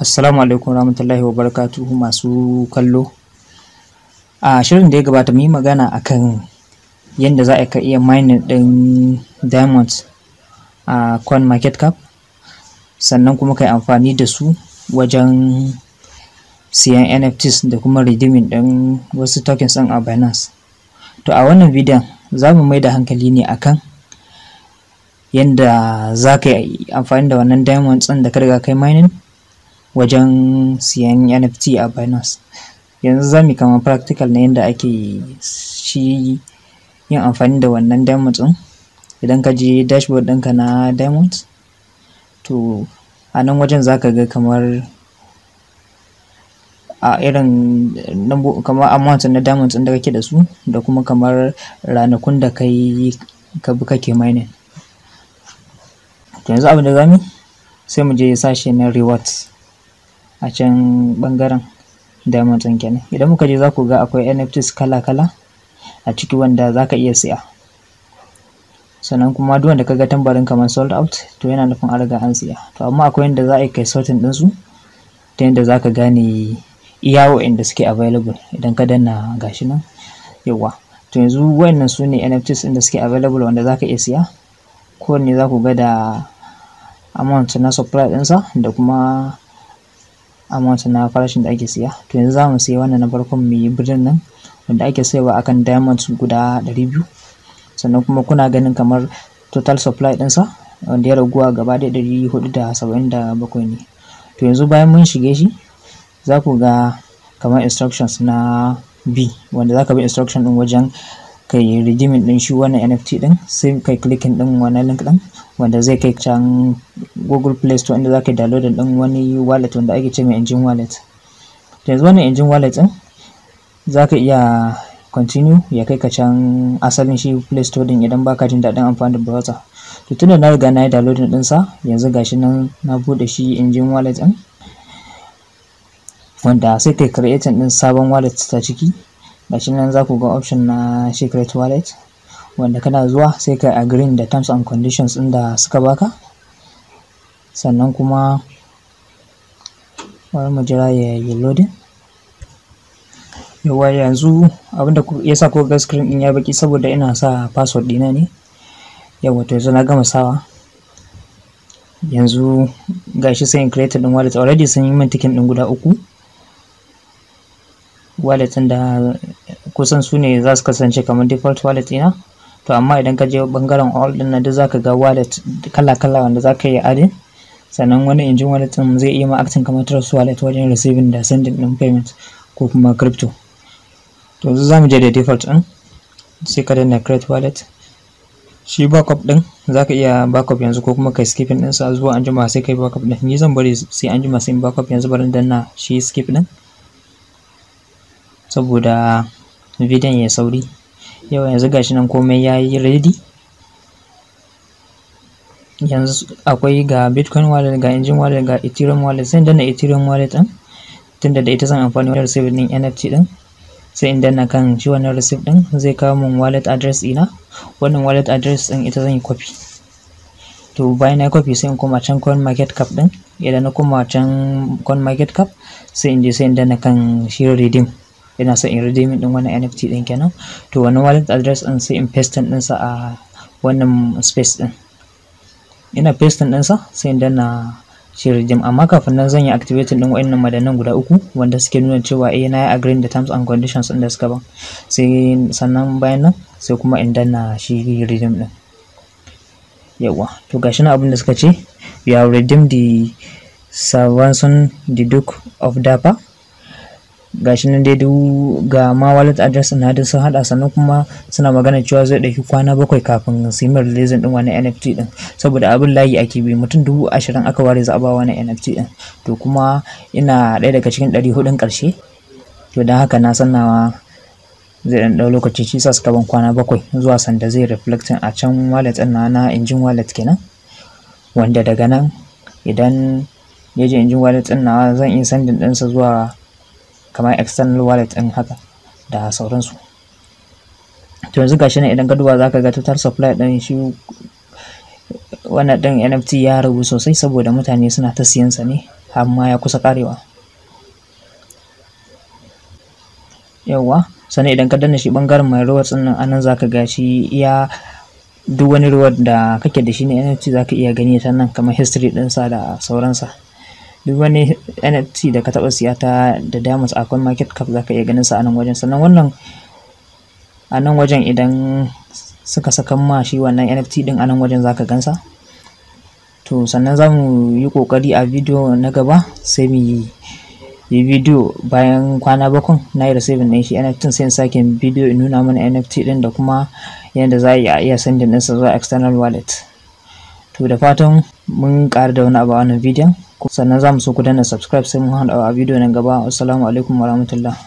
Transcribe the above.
Assalamu alaikum warahmatullahi wabarakatuhu masu kallo. A shirin da ya gabata mu yi magana akan yadda za a ka iya mining ɗin diamonds a coin market cap sannan kuma ka yi amfani da su wajen siyan NFTs da kuma redeeming din wasu tokens ɗin a Binance. to a wannan bidiyon za mu mai da hankali ne akan yadda za ka yi amfani da wannan diamond ɗin da ka riga kai mining wajen siyan nft a binance yanzu za mu kama practical na yadda ake shi yin amfani da wannan diamond ɗin idan ka je dashboard ɗinka na diamond to a nan wajen za ka ga kamar a irin kamar amounts na diamonds da kake da su da kuma kamar ranakun da kai ka bi kake mining to yanzu abin da zamu sai mu je sashe na rewards a can bangaren diamonds ɗin kenan idan muka je za ku ga akwai NFTs kala-kala a ciki wanda za ka iya siya sannan kuma duk wanda ka ga tambarin kamar sold out to yana nufin an riga an siya to amma akwai yadda za a yi kai sorting ɗinsu ta yadda za ka gane iya wa'inda suke available idan ka danna gashi nan yawa to yanzu wayannan su ne NFTs ɗin da suke available wanda za ka iya siya kowanne za ku ga da amount na supply ɗinsa da kuma amount na farashin da ake siya to yanzu za mu siya wannan na farkon mai birnin nan wanda ake saiwa akan diamonds guda 200 sannan kuma kuna ganin kamar total supply ɗinsa wanda ya raguwa gaba ɗaya 477 ne to yanzu bayan mun shige shi za ku ga kamar instructions na B wanda za ka bi instruction ɗin wajen kai redeeming ɗin shi wannan NFT ɗin sai kai clicking ɗin wannan link ɗin wanda zai kai can Google Play Store inda za ka download ɗin wani wallet wanda ake ce mai engine wallet to yanzu wannan engine wallet ɗin za ka iya continue ya kai ka can asalin shi Play Store ɗin idan baka jin daɗin amfani da browser to tunda na riga na yi downloading ɗinsa yanzu gashi nan na buɗe shi engine wallet ɗin wanda sai ta creating din sabon wallet ta ciki gashi nan za ku ga option na secret wallet wanda kana zuwa sai ka agree da terms and conditions din da suka baka sannan kuma wani mu jira ya yi loading yawa yanzu abinda yasa ko ga screen din ya baki saboda ina sa password dina ne yawa to yanzu na gama sawa yanzu gashi sai in create din wallet already sun yi min ticket din guda uku wallet ɗin da kusan su ne za su kasance kamar default wallet ɗina to amma idan ka je ɓangaren all ɗin nan duk za ka ga wallet kala-kala wanda za ka yi adin sannan wani injin wallet ɗin zai iya ma acting kamar trust wallet wajen receiving da sending ɗin payment ko kuma crypto to yanzu za mu je da default ɗin sai ka danna create wallet shi backup ɗin za ka iya backup yanzu ko kuma kai skipping ɗinsa zuwa anjima sai kai backup ɗin ni zan bari sai anjima sai backup yanzu bari danna shi skip ɗin saboda bidiyon ya sauri yau yanzu gashi nan komai ya yi ready yanzu akwai ga bitcoin wallet ga engine wallet ga ethereum wallet sai danna ethereum wallet din tunda da ita zan amfani wajen receipt din nft din sai in danna kan shi wannan receipt din zai kawo min wallet address ina wannan wallet address din ita zan yi copy to bayan na copy sai in koma can coin market cap din idan na koma can coin market cap sai in je sai in danna kan shi redeem yana son in redeeming din wannan NFT din kenan to wannan wallet address din sai in paste din sa a wannan space din ina paste din sa sai in danna shi redeem amma kafin nan zan yi activating din wa'annan madannan guda uku wanda suke nuna cewa eh na yi agreeing da terms and conditions din da suka ba sai sannan bayan nan sai kuma in danna shi redeem din yawa to gashi na abin da suka ce you have redeemed the Savanson the Duke of Dapa gashi nan dai ga ma wallet address na da sun hada sannan kuma suna magana cewa zai ɗauki kwana bakwai kafin su yi din wani NFT din saboda abin layi ake bi mutum dubu ashirin aka ware za a ba wani NFT din to kuma ina ɗaya daga cikin ɗari hudun karshe to don haka na san nawa zai ɗanɗano dau lokaci shi sa suka ban kwana bakwai zuwa sanda zai reflecting a can wallet din na injin wallet kenan wanda daga nan idan ya je injin wallet ɗin nawa zan iya sandin sa zuwa kamar external wallet ɗin haka da sauransu to yanzu gashi nan idan ka duba zaka ga total supply ɗin shi wannan ɗin NFT ya ragu sosai saboda mutane suna ta siyan sa ne amma ya kusa karewa yawwa sannan idan ka danna shi bangaren mai rewards ɗin nan anan zaka ga shi iya duk wani reward da kake da shi na NFT zaka iya gani ta nan kamar history ɗinsa da sauransa duk wani NFT da ka taɓa siya ta da diamonds a coin market cap za ka iya ganin sa a nan wajen sannan wannan a nan wajen idan suka sakan ma shi wannan NFT din a nan wajen za ka gansa to sannan za mu yi ƙoƙari a bidiyo na gaba sai mu yi bidiyo bayan kwana bakon na yi receiving ɗin shi NFT sai in sake bidiyo in nuna mana NFT din da kuma yadda za a iya sendin ɗinsa zuwa external wallet to da fatan mun ƙara da wani abu a wannan bidiyon sannan za mu so ku danna subscribe sai mun haɗa a bidiyo na gaba assalamu alaikum warahmatullahi